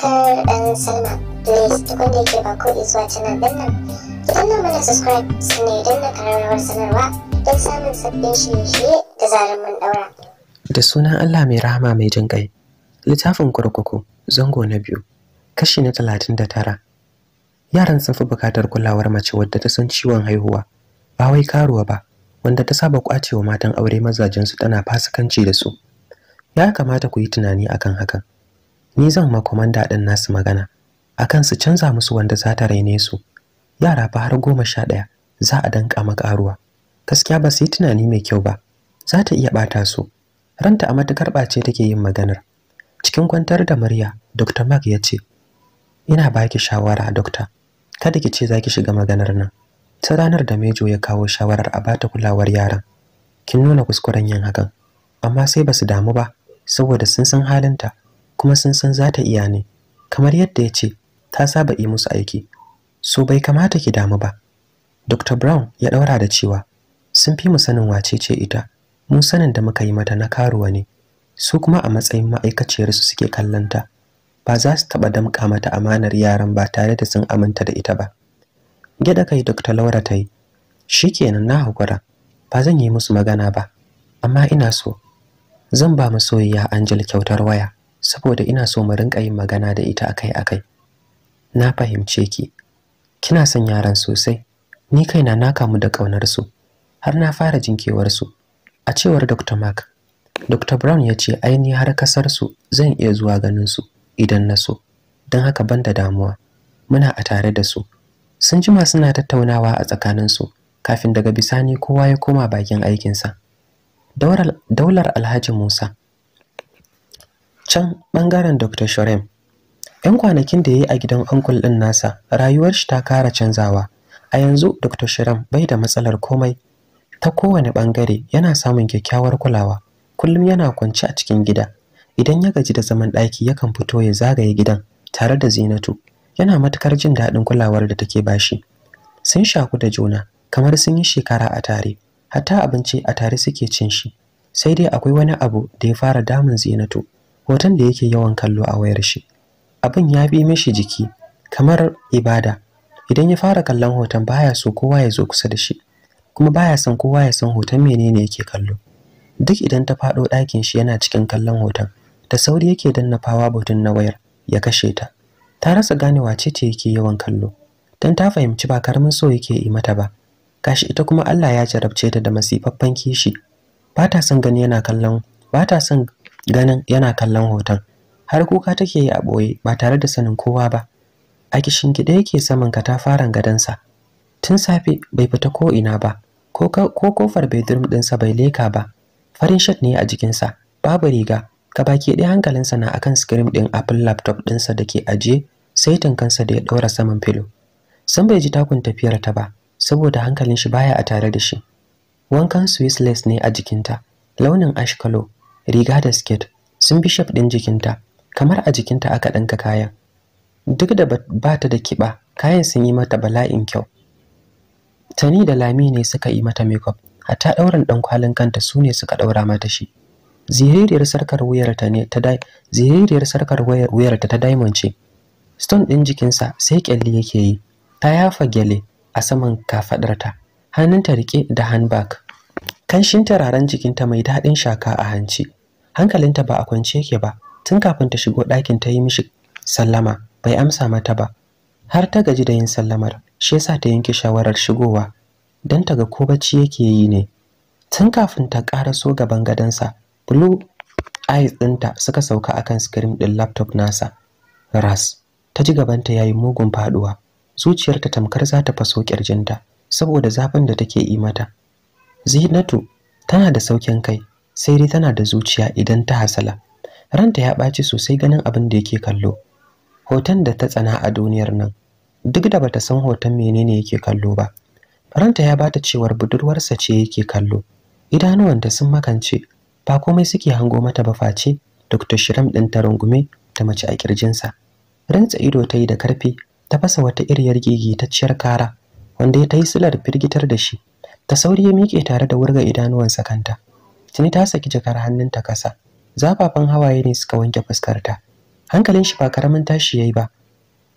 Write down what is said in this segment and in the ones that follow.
subscribe and sign up. Please tukun da yake ba ko zuwa canal din nan. Ki danna mana subscribe sannan idan na kararrawar sanarwa don samun sabbin shirye-shirye da zarar mun daura. Da sunan Allah mai rahama mai jin ƙai. Littafin kurkuku zango na biyu kashi na talatin da tara. Yaran sun fi bukatar kulawar mace wadda ta san ciwon haihuwa ba wai karuwa ba wanda ta saba kwacewa matan aure mazajensu tana fasikanci da su. Ya kamata ku yi tunani akan hakan. ni zan ma komanda ɗin nasu magana akan su canza musu wanda za ta raine su yara fa har goma sha ɗaya za a danƙa makaruwa gaskiya ba su yi tunani mai kyau ba za ta iya ɓata su ranta a matukar ɓace take yin maganar cikin kwantar da murya dr mark ya ce ina ba ki shawara dokta kada ki ce za ki shiga maganar nan ta ranar da mejo ya kawo shawarar a bata kulawar yaran kin nuna kuskuren yin hakan amma sai ba su damu ba saboda sun san halinta kuma sun san za ta iya ne kamar yadda ya ce ta saba yi musu aiki so bai kamata ki damu ba dr brown ya daura da cewa sun fi mu sanin wace ce ita mu sanin da muka yi mata na karuwa ne su kuma a matsayin ma'aikaciyar su suke kallonta ba za su taɓa damƙa mata amanar yaran ba tare da sun aminta da ita ba gyaɗa kai dr laura ta yi kenan na haƙura ba zan yi musu magana ba amma ina so zan ba mu soyayya angel kyautar waya saboda ina so mu rinka yin magana da ita akai-akai na fahimce ki kina son yaran sosai ni kaina na kamu da kaunar su har na fara jinkewar su a cewar Dr. Mark Dr. Brown ya ce aini har kasar su zan iya zuwa ganin su idan na so don haka banda damuwa muna a tare da su sun jima suna tattaunawa a tsakanin su kafin daga bisani kowa ya koma bakin aikinsa daular alhaji musa can bangaren Dr. Shorem. ‘Yan kwanakin da ya yi a gidan ankul ɗin nasa, rayuwar shi ta kara canzawa. A yanzu Dr. Shorem bai da matsalar komai. Ta kowane bangare yana samun kyakkyawar kulawa. Kullum yana kwance a cikin gida. Idan ya gaji da zaman ɗaki yakan fito ya zagaye gidan tare da Zinatu. Yana matukar jin daɗin kulawar da take bashi. Sun shaku da juna kamar sun yi shekara a tare. Hatta abinci a tare suke cin shi. Sai dai akwai wani abu da ya fara damun Zinatu. hoton da yake yawan kallo a wayar shi abin ya bi mishi jiki kamar ibada idan ya fara kallon hoton baya so kowa ya zo kusa da shi kuma baya son kowa ya san hoton menene yake kallo duk idan ta faɗo ɗakin shi yana cikin kallon hoton da sauri yake danna fawa butun na wayar ya kashe ta ta rasa gane wace ce yake yawan kallo dan ta fahimci ba karamin so yake yi mata ba kashi ita kuma Allah ya jarabce ta da masifaffen kishi ba ta son gani yana kallon ba ta son ganin yana kallon hoton har kuka take yi a ɓoye ba tare da sanin kowa ba a kishingide yake saman katafaren sa. tun safe bai fita ko ina ba ko kofar bedroom ɗinsa bai leka ba farin shirt ne a jikinsa babu riga ka baki ɗaya hankalinsa na akan screen ɗin apple laptop ɗinsa da ke ajiye saitin kansa da ya ɗora saman filo san bai ji takun tafiyar ta ba saboda hankalin shi baya a tare da shi wankan swiss lace ne a jikinta launin ash color riga da skirt sun bi shaf din jikinta kamar a jikinta aka ɗanka kayan duk da ba ta da kiɓa, kayan sun yi mata bala'in kyau tani da lami ne suka yi mata makeup hatta ɗaurin ɗan kwalin kanta su ne suka ɗaura mata shi ziririyar sarkar wuyar ta ne ta ziririyar sarkar ta diamond ce stone ɗin jikinsa sai kyalli yake yi ta yafa gyale a saman kafaɗarta, hannunta riƙe da handbag kanshin turaren jikinta mai daɗin shaka a hanci hankalinta ba a kwance yake ba tun kafin ta shigo ɗakin ta yi mishi sallama bai amsa mata ba har ta gaji da yin sallamar shi yasa ta yanke shawarar shigowa don ta ga ko bacci yake yi ne tun kafin ta so gaban gadonsa blue eyes ɗinta suka sauka akan screen ɗin laptop nasa ras ta ji gabanta yayi mugun faduwa zuciyarta tamkar za ta faso kirjinta saboda zafin da take yi mata zinatu tana da saukin kai sai dai tana da zuciya idan ta hasala ranta ya ɓaci sosai ganin abin da yake kallo hoton da ta tsana a duniyar nan duk da bata san hoton menene yake kallo ba ranta ya bata cewar budurwarsa ce yake kallo idanuwanta sun makance ba komai suke hango mata ba face Dr. Shiram ɗin ta rungume ta mace a kirjinsa rantsa ido ta yi da karfi ta fasa wata iriyar gigitacciyar kara wanda ya ta yi silar firgitar da shi ta sauri ya miƙe tare da wurga idanuwansa kanta tuni ta saki jakar hannunta kasa zafafan hawaye ne suka wanke fuskarta hankalin shi ba karamin tashi yayi ba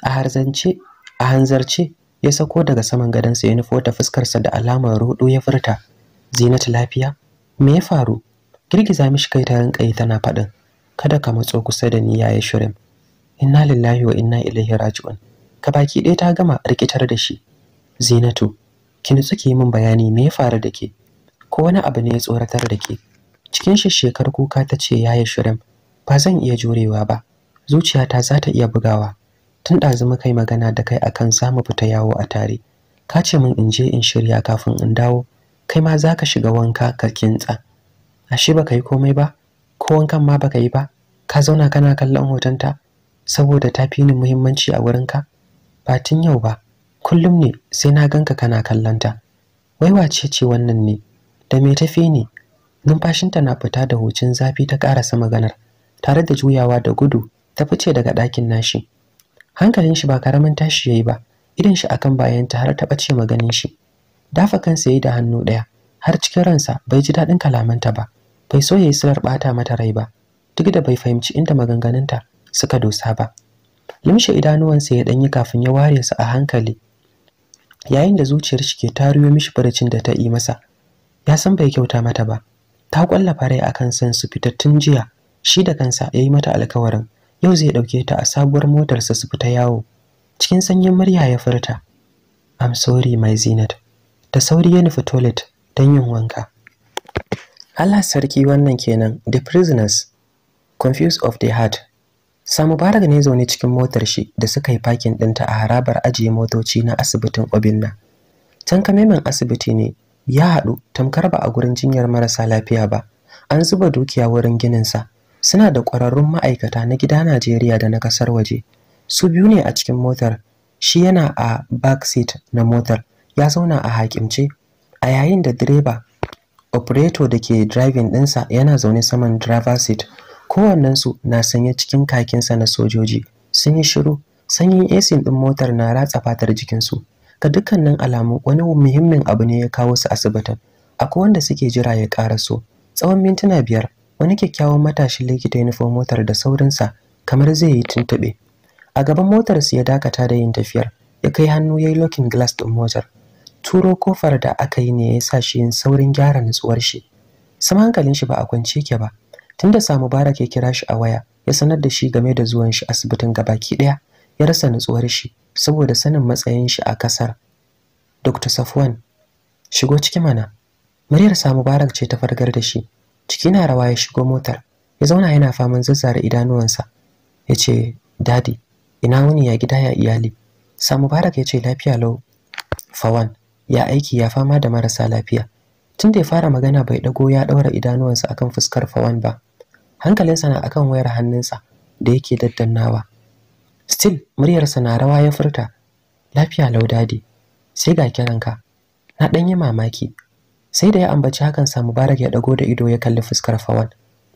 a harzance a hanzarce ya sako daga saman gadonsa ya nufo ta fuskarsa da alamar rudo ya furta zinatu lafiya me ya faru girgiza mishi kai ta rinka yi tana faɗin kada ka matso kusa da ni yaya shirin inna lillahi wa inna ilaihi raji'un ka baki ɗaya ta gama rikitar da shi zinatu ki nutsu ki min bayani me ya faru da ke ko wani abu ne ya tsoratar da ke cikin shekar kuka ta ce yi shirin ba zan iya jurewa ba zuciyata za ta iya bugawa tun ɗazu muka yi magana da kai akan za mu fita yawo a tare ka ce min in je in shirya kafin in dawo kai ma za ka shiga wanka ka kintsa ashe ka yi komai ba ko wankan ma baka yi ba ka zauna kana kallon hotonta saboda ta fi ni muhimmanci a wurinka ba tun yau ba kullum ne sai na ganka kana kallonta wai wace ce wannan ne da me tafi ne numfashinta na fita da hucin zafi ta karasa maganar tare da juyawa da gudu ta fice daga ɗakin nashi hankalin shi ba karamin tashi yayi ba idan shi akan bayanta har ta bace maganin shi dafa kansa yayi da hannu ɗaya har cikin ransa bai ji daɗin kalamanta ba bai so yayi sirar bata mata rai ba duk da bai fahimci inda maganganunta suka dosa ba limshe idanuwansa ya danyi kafin ya ware su a hankali yayin da zuciyar shi ke tariyo mishi barcin da ta yi masa ya san bai kyauta mata ba ta kwalla farai akan san su fitattun jiya shi da kansa ya yi mata alkawarin yau zai ɗauke ta a sabuwar motarsa su fita yawo cikin sanyin murya ya furta I'm sorry my Zinat da sauri ya nufi toilet don yin wanka Allah sarki wannan kenan the prisoners confused of the heart Sa Mubarak ne zaune cikin motar shi da suka yi parking ɗinta a harabar ajiye motoci na asibitin Obinna. Can kamemin asibiti ne ya haɗu tamkar ba a gurin jinyar marasa lafiya ba an zuba dukiya wurin gininsa suna da ƙwararrun ma'aikata na gida najeriya da na ƙasar waje su biyu ne a cikin motar shi yana a back seat na motar ya zauna a hakimce a yayin da direba operator da ke driving ɗinsa yana zaune saman driver seat kowannensu na sanye cikin kakinsa na sojoji sun yi shiru sanyin esin ɗin motar na ratsa fatar jikinsu ga dukkanin alamu wani muhimmin abu ne ya kawo su asibitin akwai wanda suke jira ya karaso tsawon mintuna biyar wani kyakkyawan matashin likita ya motar da saurinsa kamar zai yi tuntuɓe a gaban motarsa ya dakata da yin tafiyar ya kai hannu ya yi lokin glass ɗin motar turo kofar da aka yi ne ya sa shi yin saurin gyara nutsuwar shi sama hankalin shi ba a kwance ke ba tunda samu bara ya kira shi a waya ya sanar da shi game da zuwan shi asibitin gabaki ɗaya ya rasa nutsuwar shi saboda sanin matsayin shi a kasar Dr. Safwan shigo ciki mana muryar sa Mubarak ce ta fargar da shi ciki na rawa ya shigo motar ya zauna yana faman zazzare idanuwansa ya ce dadi ina wuni ya gida ya iyali sa Mubarak ya ce lafiya lau Fawan ya aiki ya fama da marasa lafiya tun da ya fara magana bai dago ya daura idanuwansa akan fuskar Fawan ba hankalinsa na akan wayar hannunsa da yake daddannawa still muryarsa na rawa ya furta lafiya lau dadi sai ga kiranka na ɗan yi mamaki sai da ya ambaci hakan sa mubarak ya dago da ido ya kalli fuskar fawan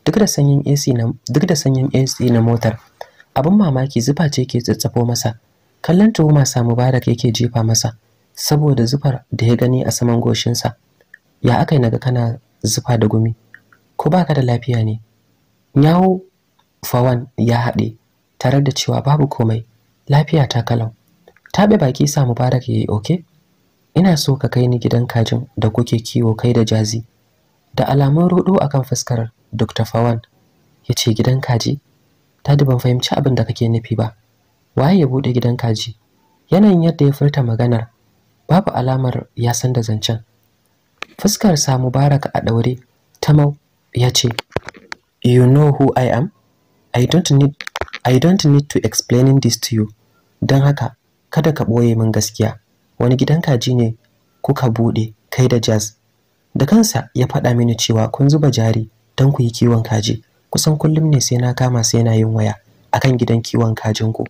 duk da sanyin AC na duk da sanyin AC na motar abin mamaki zufa ce ke tsatsafo masa kallon tuhuma sa mubarak yake jefa masa saboda zufar da ya gani a saman goshinsa ya aka yi naga kana zufa da gumi ko baka da lafiya ne nyawo fawan ya haɗe tare da cewa babu komai lafiya ta kalau taɓe baki sa mubarak yayi oke ina so ka kai ni gidan kajin da kuke kiwo kai da jazi da alamun rudo akan fuskar dr fawan ya gidan kaji ta ban fahimci abin da kake nufi ba waye ya bude gidan kaji yanayin yadda ya furta maganar babu alamar ya san da zancen fuskar sa mubarak a daure tamau ya ce you know who i am i don't need I don't need to explaining this to you. Don haka, kada ka ɓoye min gaskiya. Wani gidan kaji ne kuka buɗe kai da jazz. Da kansa ya faɗa mini cewa kun zuba jari don ku yi kiwon kaji. Kusan kullum ne sai na kama sai na yin waya akan gidan kiwon kajin ku.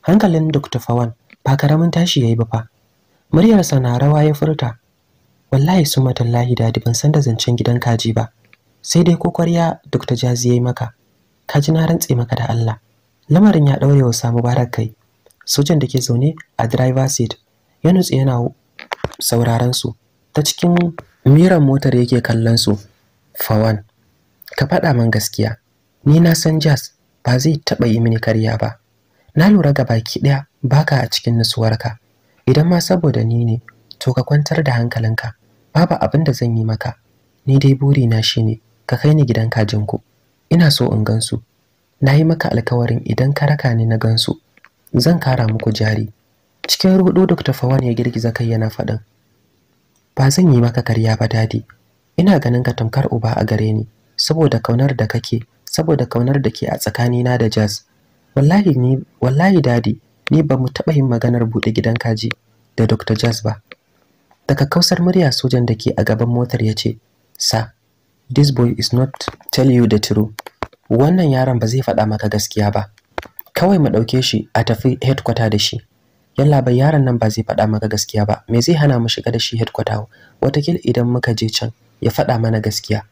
Hankalin Dr. Fawan ba karamin tashi yayi ba fa. Muryarsa na rawa ya furta. Wallahi su matallahi da ban san da zancen gidan kaji ba. Sai dai kokwarya Dr. Jazi yayi maka. Kaji na rantse maka da Allah. lamarin ya daure wa samu kai sojan da ke zaune a driver seat ya nutse yana sauraron su ta cikin miran motar yake kallon su fawan ka faɗa man gaskiya ni na san jazz ba zai taɓa yi mini karya ba na lura ga baki ɗaya baka a cikin nutsuwarka idan ma saboda ni ne to ka kwantar da hankalinka babu abin da zan yi maka ni dai burina shine ka kai ni gidan kajinku ina so in gan su. na yi maka alkawarin idan ka raka ni na gansu zan kara muku jari cikin rudu dr fawan ya girgiza kai yana faɗin ba zan yi maka karya ba dadi ina ganin ka tamkar uba a gare ni saboda kaunar da kake saboda kaunar da ke a tsakani na da jazz wallahi ni dadi ni ba mu taɓa yin maganar buɗe gidan kaji da dr jazz ba daga kausar murya sojan da ke a gaban motar ya ce sa this boy is not tell you the truth wannan yaron ba zai faɗa maka gaskiya ba kawai mu ɗauke shi a tafi headquarter da shi yalla bai yaron nan ba zai faɗa maka gaskiya ba me zai hana mu shiga da shi headquarter watakil idan muka je can ya faɗa mana gaskiya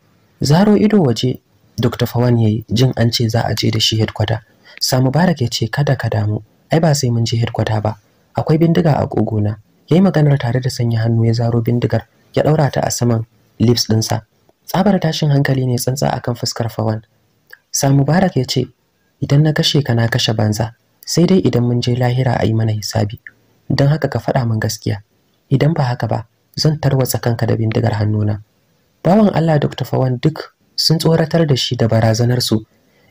zaro ido waje dr fawan yayi jin an ce za a je da shi headquarter Samu mubarak ya ce kada ka damu ai ba sai mun je headquarter ba akwai bindiga a kogona yayi maganar tare da sanya hannu ya zaro bindigar ya daura ta a saman lips dinsa tsabar tashin hankali ne tsantsa akan fuskar fawan Sa Mubarak ya ce, idan na kashe ka na kashe banza, sai dai idan mun je lahira a yi mana hisabi. Don haka ka faɗa min gaskiya. Idan ba haka ba, zan tarwatsa kanka da bindigar hannuna. Bawan Allah Dr. Fawan duk sun tsoratar da shi da barazanarsu.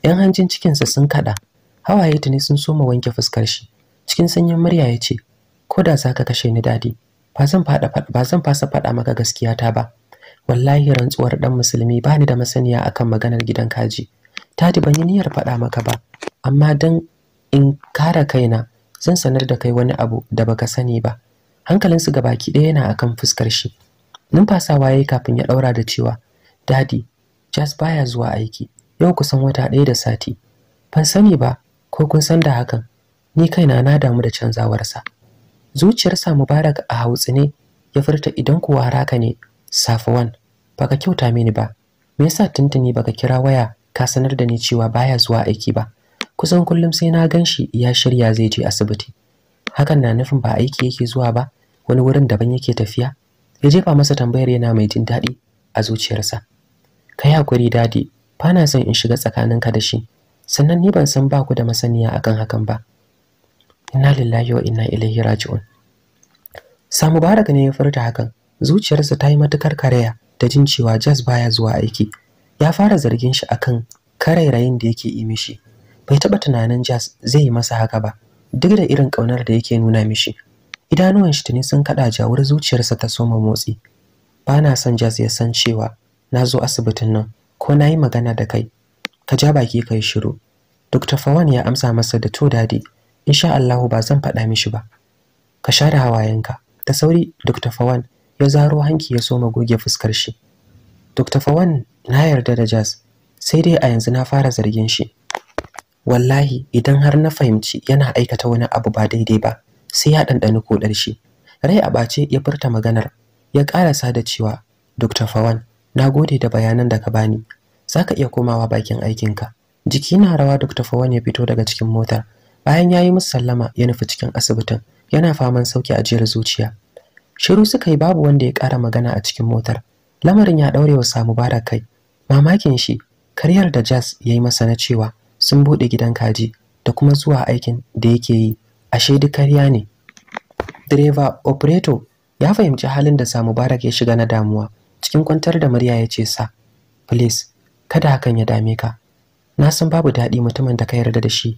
‘Yan hanjin cikinsa sun kaɗa, hawaye tuni sun soma wanke fuskar shi. Cikin sanyin murya ya ce, Ko da za ka kashe ni dadi, ba zan fasa faɗa maka gaskiyata ba. Wallahi rantsuwar ɗan musulmi ba ni da masaniya akan maganar gidan kaji. Tadi ban yi niyyar faɗa maka ba, amma dan in kare kaina zan sanar da kai wani abu da baka sani ba. Hankalinsu baki ɗaya yana akan fuskar shi. Numfasawa yayi kafin ya ɗaura da cewa, Dadi, Jas baya zuwa aiki, yau kusan wata ɗaya da sati. Ban sani ba ko kun san da hakan, ni kaina na damu da canzawarsa. Zuciyarsa Mubarak a ne ya furta idan kuwa haraka ne, Safuwan, baka kyauta mini ba. Me yasa tuntuni baka kira waya ka sanar da ni cewa baya zuwa aiki ba kusan kullum sai na gan shi ya shirya zai je asibiti hakan na nufin ba aiki yake zuwa ba wani wurin daban yake tafiya ya jefa masa tambayar yana mai jin daɗi a zuciyarsa ka yi hakuri dadi ba na son in shiga tsakaninka da shi sannan ni ban san ba ku da masaniya akan hakan ba inna lillahi wa inna ilaihi raji'un samu Baraka ne ya furta hakan zuciyarsa ta yi matukar karaya da jin cewa jaz baya zuwa aiki ya fara zargin shi akan karairayin da yake yi mishi bai taɓa tunanin Jas zai yi masa haka ba duk da irin ƙaunar da yake nuna mishi idanuwan shi tuni sun kaɗa jawar zuciyarsa ta soma motsi ba na son Jas ya san cewa na zo asibitin nan ko na yi magana da kai ka ja baki ka yi shiru Dr. Fawan ya amsa masa da to dadi insha Allahu ba zan faɗa mishi ba ka share hawayenka da sauri Dr. Fawan ya zaro hanki ya soma goge fuskar shi Dr. Fawan na yarda da Jazz sai dai a yanzu na fara zargin shi. Wallahi idan har na fahimci yana aikata wani abu ba daidai ba sai ya ɗanɗani koɗar shi. Rai a ɓace ya furta maganar ya ƙarasa da cewa Dr. Fawan na gode da bayanan da ka bani za ka iya komawa bakin aikinka. Jiki na rawa Dr. Fawan ya fito daga cikin motar bayan ya yi musu sallama ya nufi cikin asibitin yana faman sauki ajiyar zuciya. Shiru suka yi babu wanda ya ƙara magana a cikin motar. lamarin ya daure wa samu Barak kai mamakin shi karyar da jazz ya yi masa na cewa sun buɗe gidan kaji da kuma zuwa aikin da yake yi ashe duk karya ne direba operator ya fahimci halin da samu barak ya shiga na damuwa cikin kwantar da murya ya ce sa please kada hakan ya dame ka na san babu daɗi mutumin da ka yarda da shi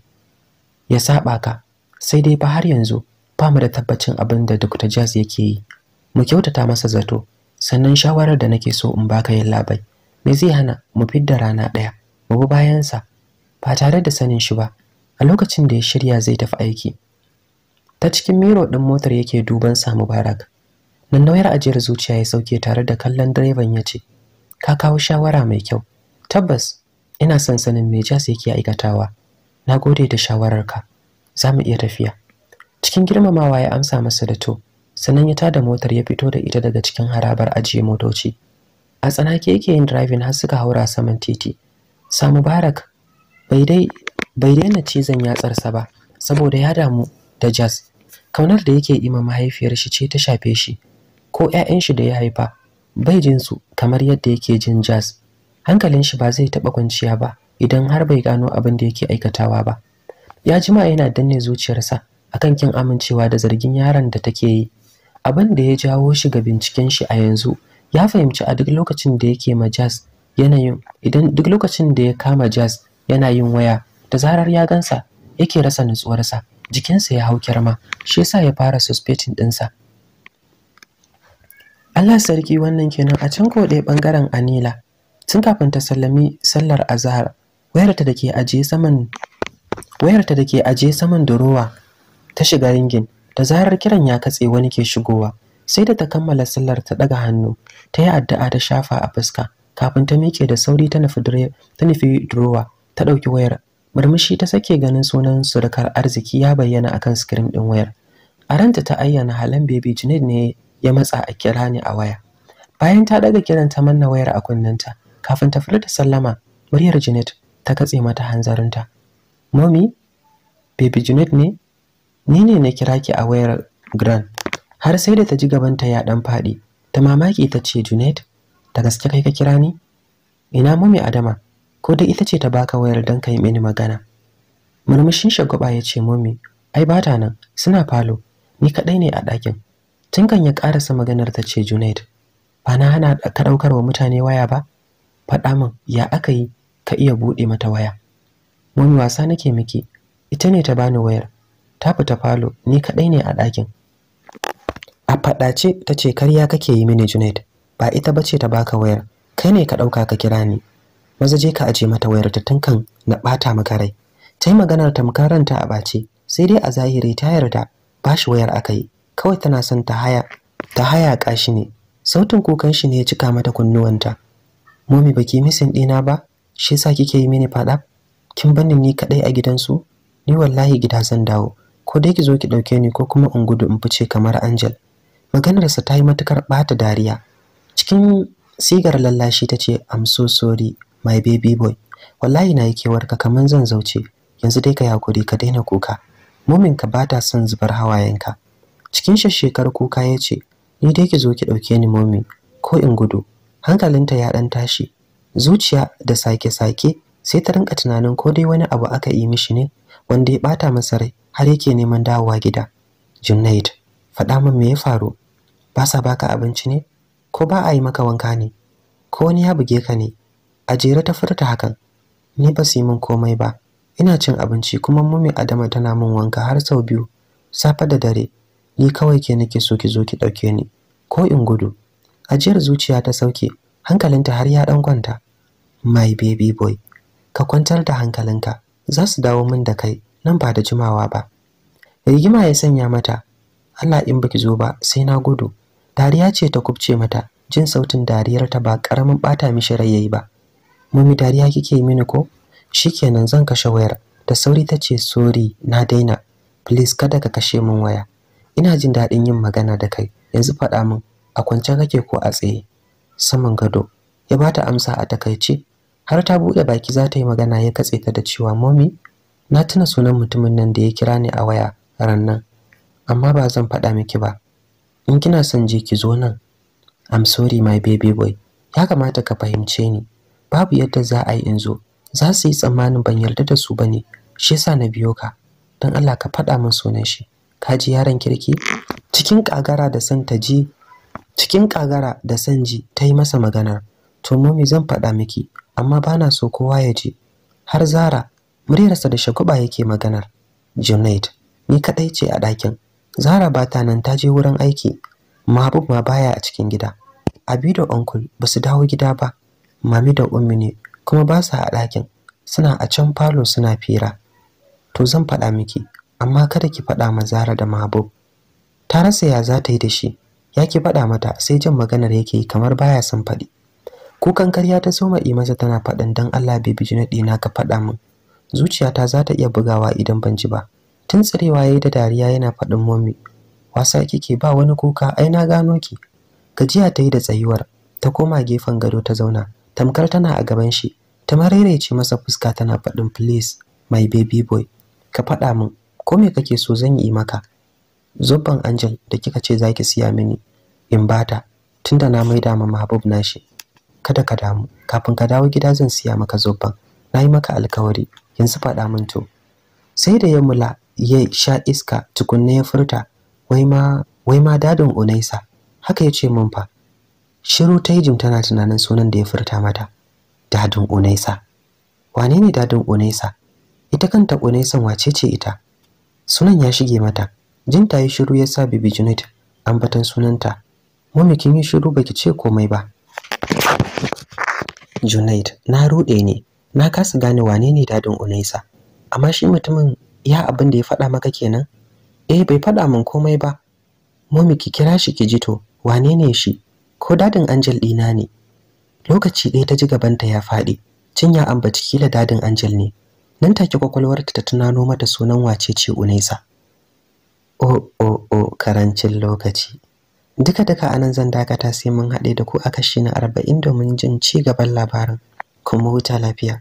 ya saba ka sai dai ba har yanzu ba mu da tabbacin abin da Dr. Jazz yake yi mu kyautata masa zato sannan shawarar da nake so in baka yin labai me zai hana mu fidda rana ɗaya mu bi bayansa ba tare da sanin shi ba a lokacin da ya shirya zai tafi aiki ta cikin miro ɗin motar yake duban sa mubarak nan nauyar ajiyar zuciya ya sauke tare da kallon direban ya ce ka kawo shawara mai kyau tabbas ina son sanin me jas yake aikatawa na gode da shawararka za mu iya tafiya cikin girmamawa ya amsa masa da to sannan ya tada motar ya fito da ita daga cikin harabar ajiye motoci a tsanake yake yin driving har suka haura saman titi sa mubarak bai dai bai daina cizon yatsarsa ba saboda ya damu da jazz kaunar da yake ima mahaifiyar shi ce ta shafe shi ko 'ya'yan shi da ya haifa bai jinsu kamar yadda yake jin jazz hankalin shi ba zai taɓa kwanciya ba idan har bai gano abin da yake aikatawa ba ya jima yana danne zuciyarsa akan kin amincewa da zargin yaron da take yi abin da ya jawo shi ga binciken shi a yanzu ya fahimci a duk lokacin da yake ma jazz yanayin idan duk lokacin da ya kama jazz yana yin waya da zarar ya gansa yake rasa nutsuwarsa jikinsa ya hau kirma shi yasa ya fara suspecting ɗinsa Allah sarki wannan kenan a can ko bangaren ɓangaren Anila tun kafin ta sallami sallar azahar wayarta da ke ajiye saman wayarta da ke aje saman durowa ta shiga ringin da zarar kiran ya katse wani ke shigowa sai da ta kammala sallar ta daga hannu ta yi addu'a ta shafa a fuska kafin ta miƙe da sauri ta nufi ta nufi durowa ta ɗauki wayar murmushi ta sake ganin sunan surukar arziki ya bayyana akan screen ɗin wayar a ranta ta ayyana halan baby Junaid ne ya matsa a kira ne a waya bayan ta daga kiran ta manna wayar a kunnenta kafin ta da sallama muryar Junaid ta katse mata hanzarinta mommy baby Junaid ne ni ne na kira ki a wayar grand. har sai da ta ji gabanta ya dan faɗi ta mamaki ta ce junet da gaske kai ka kira ni ina mami adama ko da ita ce ta baka wayar dan ka yi mini magana murmushin shagwaba ya ce mami ai bata nan suna falo ni kaɗai ne a ɗakin kan ya ƙarasa maganar ta ce junet ba na hana ka ɗaukar wa mutane waya ba faɗa min ya aka yi ka iya buɗe mata waya mami wasa nake miki ita ne ta bani wayar ta fita falo ni kadai ne a ɗakin a faɗace ta ce karya kake yi mini junaid ba ita ba ce ta baka wayar kai ne ka ɗauka ka kira ni maza je ka aje mata wayar ta tunkan na ɓata maka rai ta yi maganar tamkaranta a ɓace sai dai a zahiri ta yarda ba shi wayar aka yi kawai tana son ta haya ta haya kashi ne sautin kukan shi ne ya cika mata kunnuwanta momi baki misin ɗina ba shi yasa kike yi mini faɗa kin bani ni kaɗai a gidansu ni wallahi gida zan dawo ko dai ki zo ki ɗauke ni ko kuma in gudu in fice kamar angel maganarsa ta yi matukar ɓata dariya cikin sigar lallashi ta ce i'm so sorry my baby boy wallahi na yi kewarka kamar zan zauce yanzu dai ka hakuri ka daina kuka mumin ka bata son zubar hawayenka cikin shekar kuka ya ce ni dai ki zo ki ɗauke ni momi ko in gudu hankalinta ya ɗan tashi zuciya da sake-sake sai ta rinka tunanin ko dai wani abu aka yi mishi ne wanda ya bata masa rai har yake neman dawowa gida Junaid faɗa min me ya faru ba sa baka abinci ne ko ba a yi maka wanka ne ko wani ya buge ka ne a jere ta furta hakan ni ba su yi min komai ba ina cin abinci kuma mummy Adama tana min wanka har sau biyu safe da dare ni kawai ke nake so ki zo ki ɗauke ni ko in gudu ajiyar zuciya ta sauke hankalinta har ya ɗan kwanta my baby boy ka kwantar da hankalinka za su dawo min da kai nan ba da jimawa ba rigima ya sanya mata Allah in baki zo ba sai na gudu dariya ce ta kubce mata jin sautin dariyar ta ba karamin bata mishi rai yayi ba Mami, dariya kike mini ko shikenan zan kashe wayar da sauri ta ce sorry na daina please kada ka kashe min waya ina jin daɗin yin magana da kai yanzu faɗa min a kwance kake ko a tsaye saman gado ya bata amsa a takaice har ta buɗe baki za ta yi magana ya katse ta da cewa momi na tuna sunan mutumin nan da ya kira ni a waya ran nan amma ba zan faɗa miki ba in kina son je ki zo nan I'm sorry my baby boy ya kamata ka fahimce ni babu yadda za a yi in zo za su yi tsammanin ban yarda da su ba ne. shi yasa na biyo ka don Allah ka faɗa min sunan shi ka ji yaron kirki cikin kagara da san ta ji cikin kagara da san ji ta yi masa magana to momi zan faɗa miki amma ba na so kowa ya ji har Zara muryarsa da shakuba yake maganar Junaid ni kadai ce a ɗakin Zara ba ta nan ta je wurin aiki Mahbub ma baya a cikin gida Abi da uncle ba su dawo gida ba mami da ummi ne kuma ba su a ɗakin suna a can falo suna fira to zan faɗa miki amma kada ki faɗa ma Zara da Mahbub ta rasa ya za ta yi da shi ya ki faɗa mata sai jin maganar yake kamar baya son faɗi kukan karya ta soma yi masa tana faɗin dan Allah bai biji na ɗina ka faɗa min zuciyata za ta iya bugawa idan ban ji ba tun tsirewa yayi da dariya yana faɗin mommy wasa kike ba wani kuka ai na gano ki gajiya ta yi da tsayuwar ta koma gefen gado ta zauna tamkar tana a gaban shi ta mararece masa fuska tana faɗin please my baby boy ka faɗa min ko me kake so zan yi maka zubban angel da kika ce zaki siya mini in bata tunda na maida ma mahabub nashi kada ka damu kafin ka dawo gida zan siya maka zobban na yi maka alkawari yanzu faɗa min to sai da ya mula ya sha iska tukunna ya furta wai ma dadin unaisa haka ya ce min fa shiru ta yi jim tana tunanin sunan da ya furta mata dadin unaisa wane ne dadin unaisa ita kanta unaisan wace ce ita sunan ya shige mata jinta yi shiru ya sa bibi junit ambatan sunanta mummy kin yi shiru baki ce komai ba Junaid na rude ne na kasa gane wane ne dadin Unaisa amma shi mutumin ya abin da ya faɗa maka kenan eh bai fada min komai ba Mumi ki kira shi ki jito wane ne shi ko dadin Angel dina ne lokaci ɗaya ta ji gabanta ya faɗi cin ya ambaci kila dadin Angel ne nan take kwakwalwarta ta tunano mata sunan wace ce Unaisa o o o karancin lokaci duka duka anan zan dakata sai mun haɗe da ku a kashi na arba'in domin jin ci gaban labarin kuma huta lafiya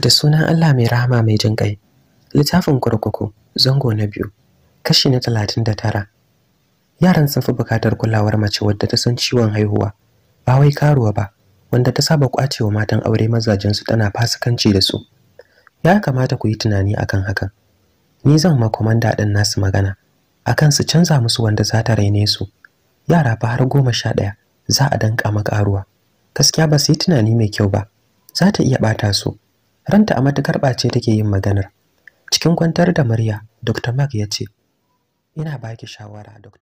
da sunan Allah mai rahama mai jin ƙai littafin kurkuku zango na biyu kashi na talatin da tara yaran sun fi bukatar kulawar mace wadda ta san ciwon haihuwa ba wai karuwa ba wanda ta saba kwacewa matan aure mazajensu tana fasakanci da su ya kamata ku yi tunani akan hakan ni zan ma komanda ɗin nasu magana akan su canza musu wanda za ta raine su yara fa har goma sha ɗaya za a danƙa makaruwa gaskiya ba su yi tunani mai kyau ba za ta iya ɓata su ranta a matukar ɓace take yin maganar cikin kwantar da murya dr mark ya ce ina baki shawara dr